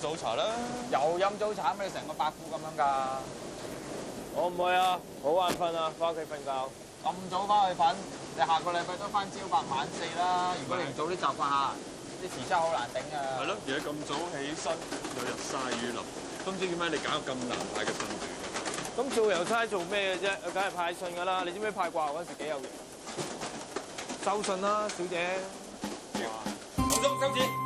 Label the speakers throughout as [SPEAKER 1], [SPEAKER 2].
[SPEAKER 1] 早茶啦！又飲早茶咩，俾你成個白褲咁樣㗎。我唔會啊，好眼瞓啊，翻屋企瞓覺。咁早翻去瞓，你下個禮拜都翻朝八晚四啦。如果你早啲習慣下，啲時差好難頂啊。係咯，而家咁早起身又日曬雨淋，都唔知點解你搞到咁難睇嘅身段。咁做郵差做咩嘅啫？梗係派信㗎啦。你知唔知派掛嗰陣時幾有型？收信啦，小姐。點啊？快啲收字。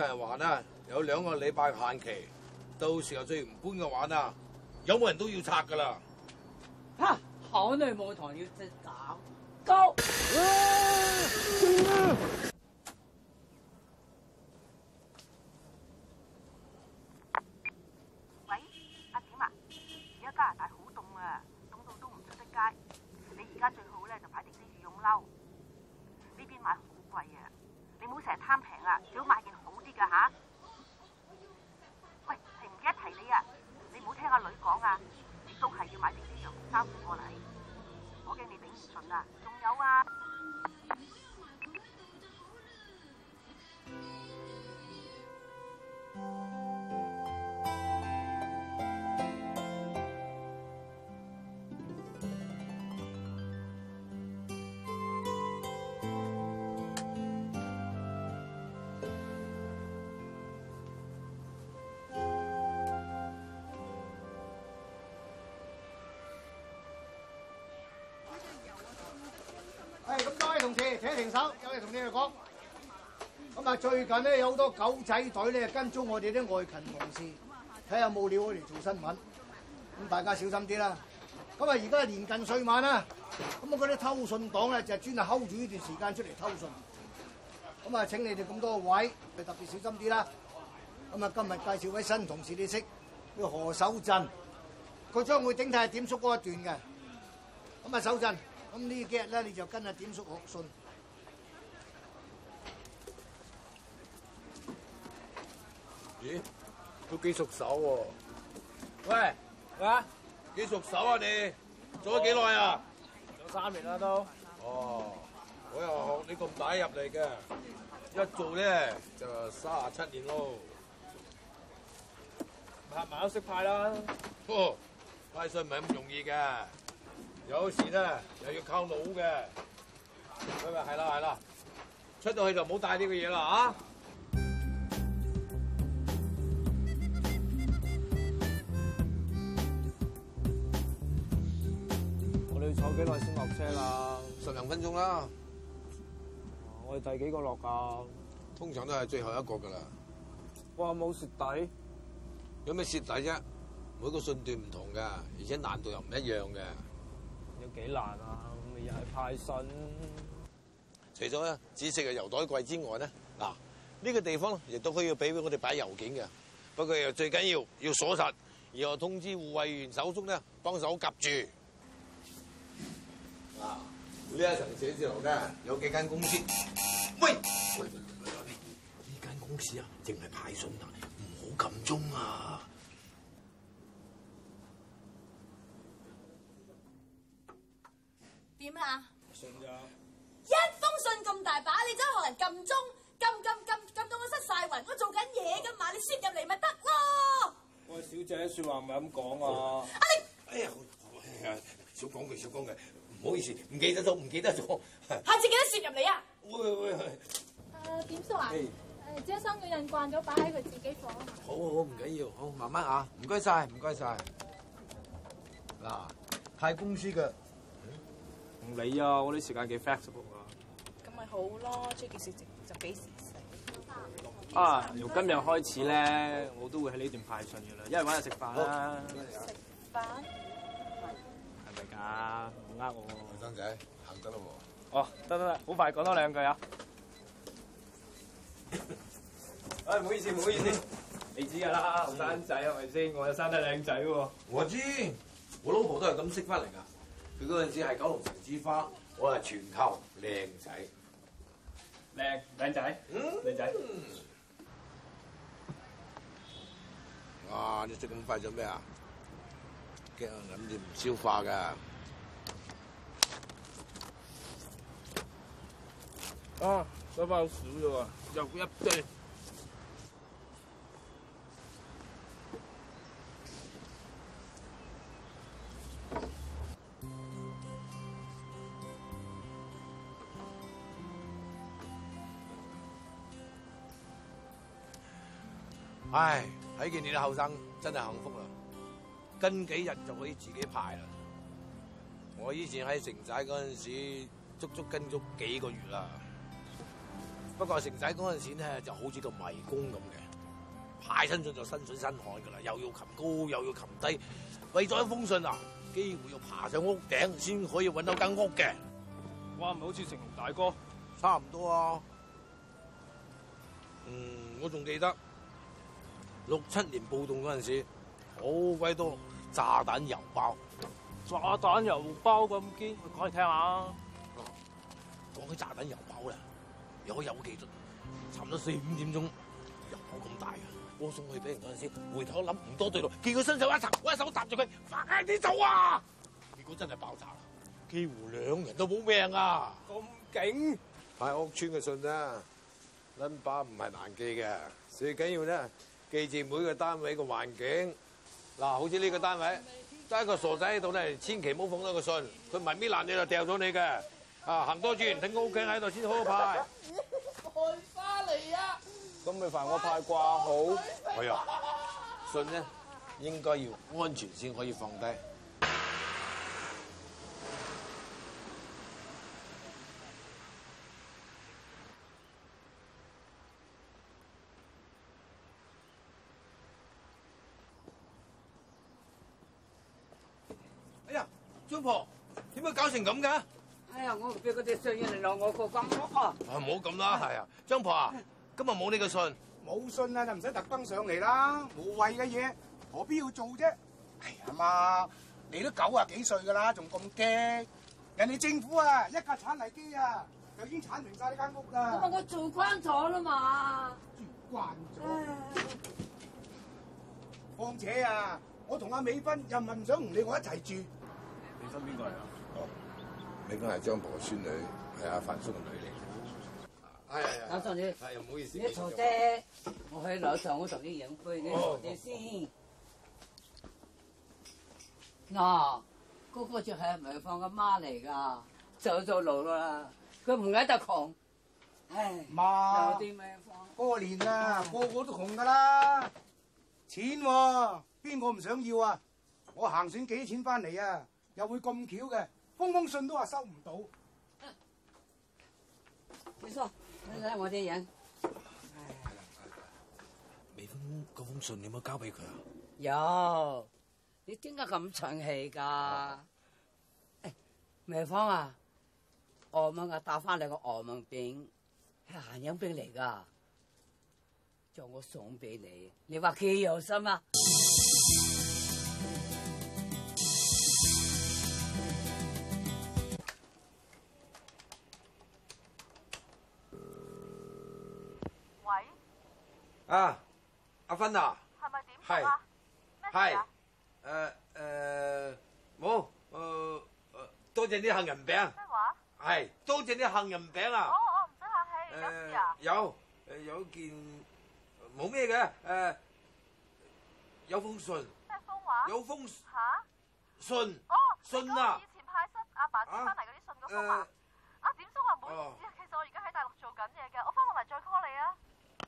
[SPEAKER 1] 話啦，有兩個禮拜限期，到時候最唔搬嘅話啦，有冇人都要拆噶啦。吓、啊，好耐冇堂要斬搞。o、啊、喂，阿點啊，而家、啊、加拿大好凍啊，凍到都唔出得街。你而家最好咧，就擺定啲羽絨褸，呢邊買好貴啊，你唔好成日貪平啊，少買。吓、啊，喂，提唔記得提你啊，你唔好聽阿女講啊，你都係要買定啲呢樣衫褲過嚟，我驚你頂唔順啊，仲有啊。請停手，有嘢同你哋講。咁啊，最近咧有好多狗仔隊咧跟蹤我哋啲外勤同事，睇下有冇料可以做新聞。咁大家小心啲啦。咁啊，而家年近歲晚啦，咁啊，嗰啲偷信黨咧就專係睺住呢段時間出嚟偷信。咁啊，請你哋咁多位特別小心啲啦。咁啊，今日介紹位新同事你識，叫何守振，佢將會頂替點叔嗰一段嘅。咁啊，守振。咁呢幾日咧，你就跟阿點叔學信。咦？都幾熟手喎！喂，啊？幾熟手啊你？做咗幾耐啊？做三年啦都。哦，我又學你咁大入嚟嘅，一做咧就三十七年咯。拍馬都識派啦！哦，派信唔係咁容易嘅。有時咧又要靠腦嘅，咁啊，係啦係啦，出到去就唔好帶呢個嘢啦嚇。我哋要坐幾耐先落車啦？十零分鐘啦。啊，我哋第幾個落噶？通常都係最後一個㗎啦。哇！冇蝕底？有咩蝕底啫？每個信段唔同㗎，而且難度又唔一樣嘅。有幾難啊！又係派信，除咗咧紫色嘅郵袋櫃之外咧，嗱、這、呢個地方亦都可以俾我哋擺郵件嘅。不過又最緊要要鎖實，然後通知護衛員手中咧，幫手夾住。啊，呢一層寫字樓咧，有幾間公司。喂，呢間公司啊，淨係派送啊，唔好咁鐘啊！點啊！信咋？一封信咁大把，你真係學人撳鐘，撳撳撳撳到我失晒魂，我做緊嘢㗎嘛，你輸入嚟咪得咯？喂，小姐，說話唔係咁講啊你！哎哎呀，少講句少講句，唔好意思，唔記得咗，唔記得咗，下次記得輸入嚟啊。好好好！喂，喂，喂，誒，點叔啊？誒，張生個人慣咗，擺喺佢自己房。好好唔緊要，好慢慢啊，唔該晒，唔該晒。嗱，喺公司嘅。你啊，嗯、啊，我啲時間幾 flexible 啊！咁咪好咯，即幾時食就幾時食。啊，由今日開始咧，我都會喺呢段派信嘅啦，一係玩一食飯啦，啊。食飯係咪㗎？唔呃我。後生仔，行得咯喎。哦，得得得，好快講多說說兩句啊！哎，唔好意思，唔好意思，你知㗎啦，後生仔係咪先？我生得靚仔喎。我知，我老婆都係咁識翻嚟㗎。佢嗰陣時係九龍城之花，我係全球靚仔，靚靚仔，靚仔，哇！你食咁快做咩啊？驚諗住唔消化㗎。啊，收包少咋喎，又一堆。睇見你啲後生真係幸福啦，跟幾日就可以自己派啦。我以前喺城寨嗰陣時，足足跟咗幾個月啦。不過城寨嗰陣時咧，就好似個迷宮咁嘅，派身上就身水身汗噶啦，又要擒高又要擒低，為咗一封信啊，幾乎要爬上屋頂先可以搵到間屋嘅。哇，唔係好似成龍大哥，差唔多啊。嗯，我仲記得。六七年暴動嗰陣時，好鬼多炸彈郵包，炸彈郵包咁堅。講嚟聽下啊，講起炸彈郵包啦，有有幾多？差唔多四五點鐘，郵包咁大啊！我送去俾人嗰陣時，回頭諗唔多對路，見佢伸手一插，我一手搭住佢，快啲走啊！結果真係爆炸啦，幾乎兩人都冇命啊！咁勁派屋村嘅信啊，number 唔係難記嘅，最緊要咧。記住每個單位個環境，嗱，好似呢個單位，得一個傻仔喺度咧，千祈唔好放低個信，佢咪搣爛你就掉咗你嘅。啊，行多轉，等屋企人喺度先好好派。開返嚟啊！咁咪煩我派掛號，係啊，信咧應該要安全先可以放低。婆，點解搞成咁嘅？哎呀，我俾嗰隻衰人嚟攞我個金屋啊！唔好咁啦，係啊，張婆啊，今日冇你個信，冇信啊就唔使特登上嚟啦，無謂嘅嘢，何必要做啫？哎呀媽，你都九啊幾歲噶啦，仲咁驚？人哋政府啊，一架鏟泥機啊，就已經鏟平晒呢間屋啦。咁啊，我做慣咗啦嘛了，做慣咗。況且啊，我同阿美芬又唔係唔想唔理我一齊住。你身邊個係啊，你講係張婆嘅孫女，係阿范叔嘅女嚟。係呀，老、哎、唔、哎、好意思，你坐低。我喺樓上，我同你影杯，你坐低、哦哦、先。嗱，哥哥就係咪放阿媽嚟㗎？走咗路啦，佢唔捱得窮。唉，媽媽，有啲咩放？過年啊、哎、呀個個都窮㗎啦，錢邊個唔想要啊？我行船幾錢翻嚟啊？又會咁巧嘅，封封信都話收唔到。李叔、啊，睇睇我啲人。梅芳封信你有冇交俾佢 Yeah.、哎、啊？有，你點解咁長氣㗎？梅芳啊，澳門啊打返嚟個澳門餅，係杏仁餅嚟㗎，叫我送俾你，你話佢有心啊？喂，阿阿芬啊，係，係，誒誒，冇，誒誒，多謝啲杏仁餅，咩話？係，多謝啲杏仁餅啊！我我唔使客氣，有事啊？有，有件冇咩嘅，誒，有封信，咩封話？有封吓信，哦，信啊！以前派失阿爸接翻嚟嗰啲信個封啊，啊點叔啊？唔好意思，其實我而家喺大陸做緊嘢嘅，我翻落嚟再 call 你啊！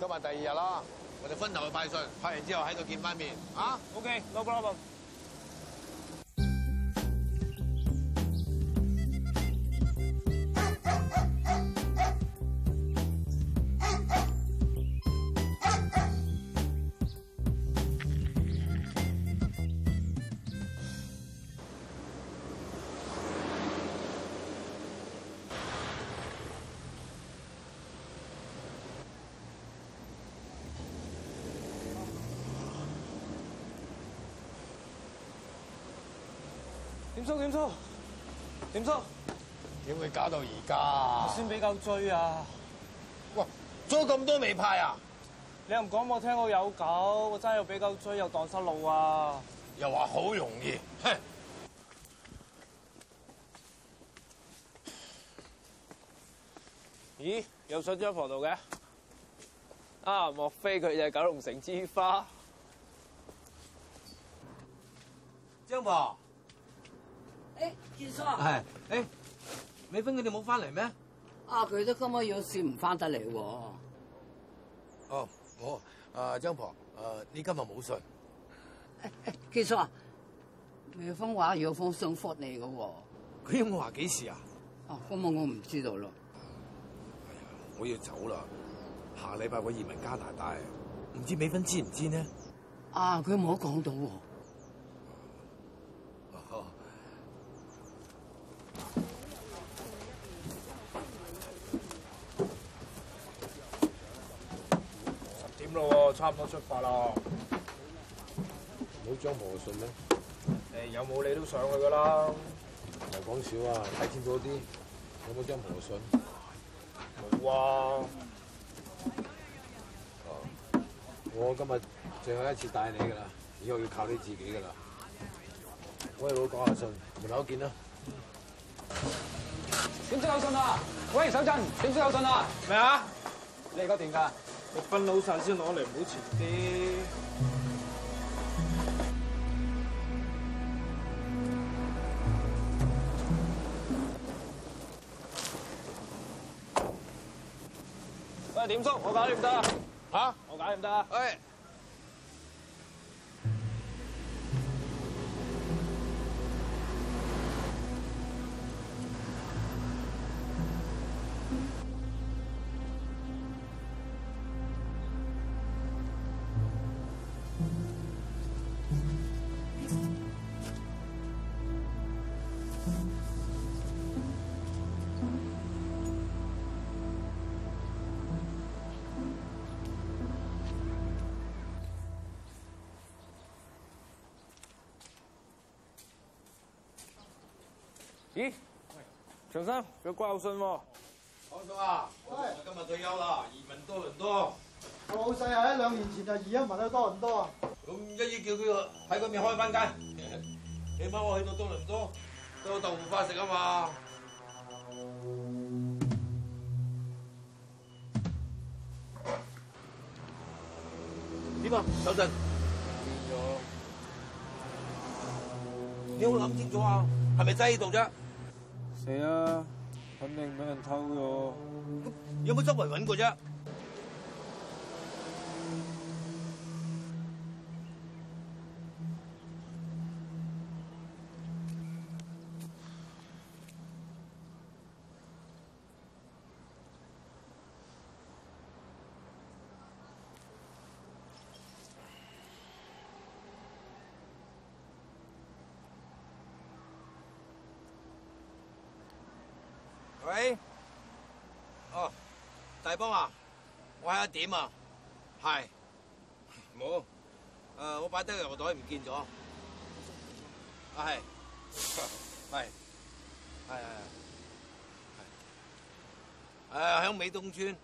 [SPEAKER 1] 咁咪第二日咯，我哋分頭去派信，派完之後喺度見翻面啊。OK，no problem。點叔？點叔？點會搞到而家？先俾狗追啊！哇，仲咁多未派啊！你又唔講，我聽我有狗，我真係俾狗追又蕩失路啊！又話好容易，哼！咦，又上張婆度嘅？啊，莫非佢就係九龍城之花？張婆。誒，建、哎、叔係、啊，誒、哎，美芬佢哋冇翻嚟咩？啊，佢都今日有事唔翻得嚟喎。哦，好，啊，張婆，誒，你今日冇信？誒建、哎哎、叔，啊，美芬話有封信覆你噶喎、哦。佢有冇話幾時啊？哦、啊，咁我我唔知道咯。哎呀，我要走啦，下禮拜我移民加拿大，唔知美芬知唔知呢？啊，佢冇講到、哦。我差唔多出發啦，唔好張和信咩？誒有冇你都上去噶啦？唔係講笑啊，睇清楚啲，有冇張和信？冇啊。我今日最後一次帶你噶啦，以後要靠你自己噶啦。喂，老廣下信，門口見啦。點知有信啊？喂，守振，點知有信啊？咩啊麼？你係嗰段㗎？分好晒先攞嚟，唔好遲啲。喂，點叔？我搞掂唔得吓？啊、我搞掂唔得，喂！咦，長生有掛號信喎，阿叔、哦、啊，我天喂，今日退休啦，移民多倫多，我老細喺兩年前就移民咗多倫多啊，咁一於叫佢喺嗰邊開翻間， 起碼我去到多倫多都有豆腐花食啊嘛。邊個走神？變咗，你有冇諗清楚啊？係咪低度啫？係啊，肯定俾人偷咗。有冇周圍揾過啫？幫啊！我喺一點啊，係冇，誒，我擺低個郵袋唔見咗，係，係，係係係，誒，響美東村，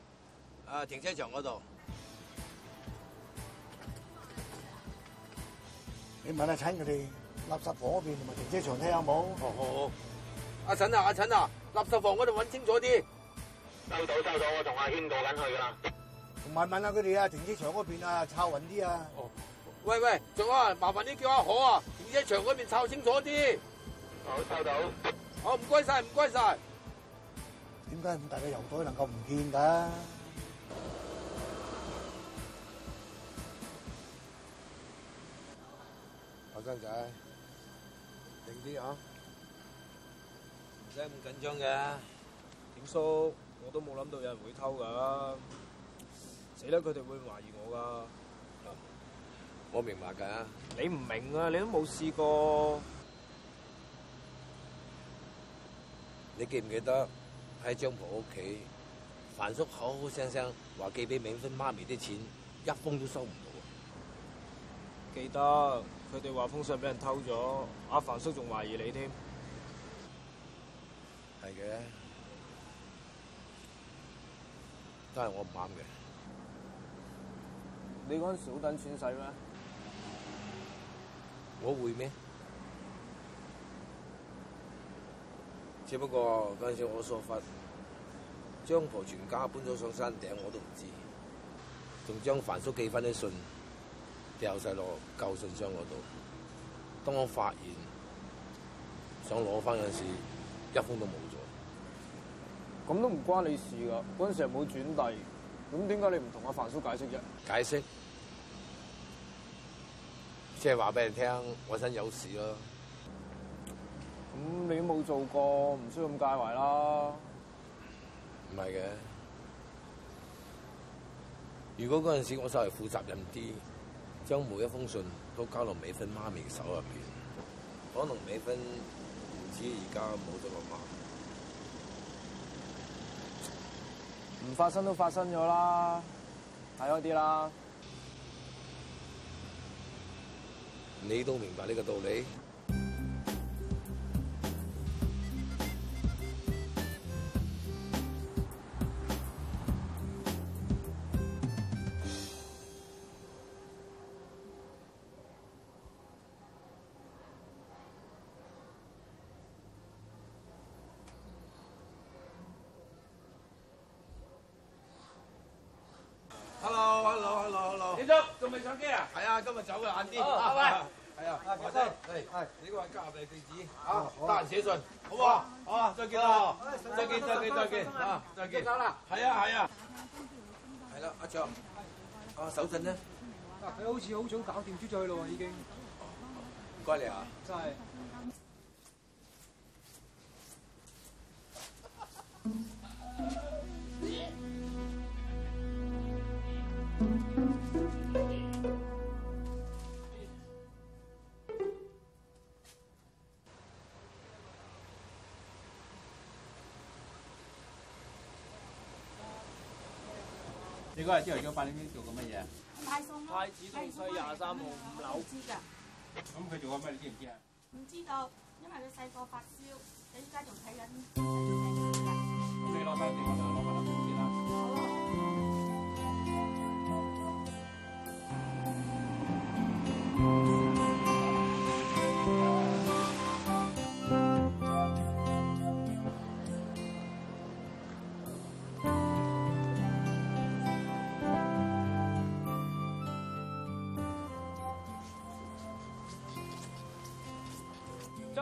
[SPEAKER 1] 誒，停車場嗰度，你問下陳佢哋，垃圾房嗰邊同埋停車場睇有冇？哦哦哦，阿陳啊，阿陳啊，垃圾房嗰度搵清楚啲。收到收到，我同阿軒過緊去啦。同埋問下佢哋啊，停車場嗰邊啊，抄穩啲啊。哦。喂喂，仲阿，麻煩啲叫阿可啊，停車場嗰邊抄清楚啲。好，收到。好，唔該晒，唔該晒。點解咁大嘅郵袋能夠唔見噶？阿生仔，靜啲啊，唔使咁緊張嘅，點叔。我都冇諗到有人會偷噶，死啦！佢哋會懷疑我噶。我明白噶。你唔明啊？你都冇試過。你記唔記得喺張婆屋企，范叔口口聲聲話寄俾美芬媽咪啲錢，一封都收唔到。記得，佢哋話封信俾人偷咗，阿范叔仲懷疑你添。係嘅。都係我唔啱嘅。你講小登錢使咩？我會咩？只不過嗰陣時我疏忽，張婆全家搬咗上山頂我都唔知，仲將煩叔寄翻啲信掉晒落舊信箱度。當我發現想攞翻陣時，一封都冇。咁都唔關你事噶，嗰陣時係冇轉遞，咁點解你唔同阿煩叔解釋啫？解釋，即係話俾你聽，我真有事囉。咁你都冇做過，唔需要咁介懷啦。唔係嘅，如果嗰陣時我稍為負責任啲，將每一封信都交落美芬媽咪嘅手入面，可能美芬唔知而家冇咗個媽。唔發生都發生咗啦，睇開啲啦，你都明白呢個道理。相啊，係啊，今日走嘅晏啲，係係啊，華生，係，呢個係家下地址，得閒寫信，好啊？好啊，再見啦，再見，再見，再見，啊，再見，走啦，係啊，係啊，係啦，阿卓，啊，守振呢？佢好似好早搞掂豬仔去咯喎，已經，唔該你啊，真係。你嗰日朝頭早八點鐘做過乜嘢？派送啦，派紙箱、廿三號五樓。咁佢做過咩？你知唔知啊？唔知道，因為佢細個發燒，你依家仲睇緊。咁你攞翻電話，攞翻啲工啦。好啦。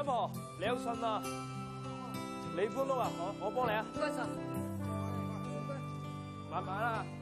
[SPEAKER 1] 阿婆，你有信啊？了你搬屋啊？好，我我幫你啊，唔該慢慢啦。慢慢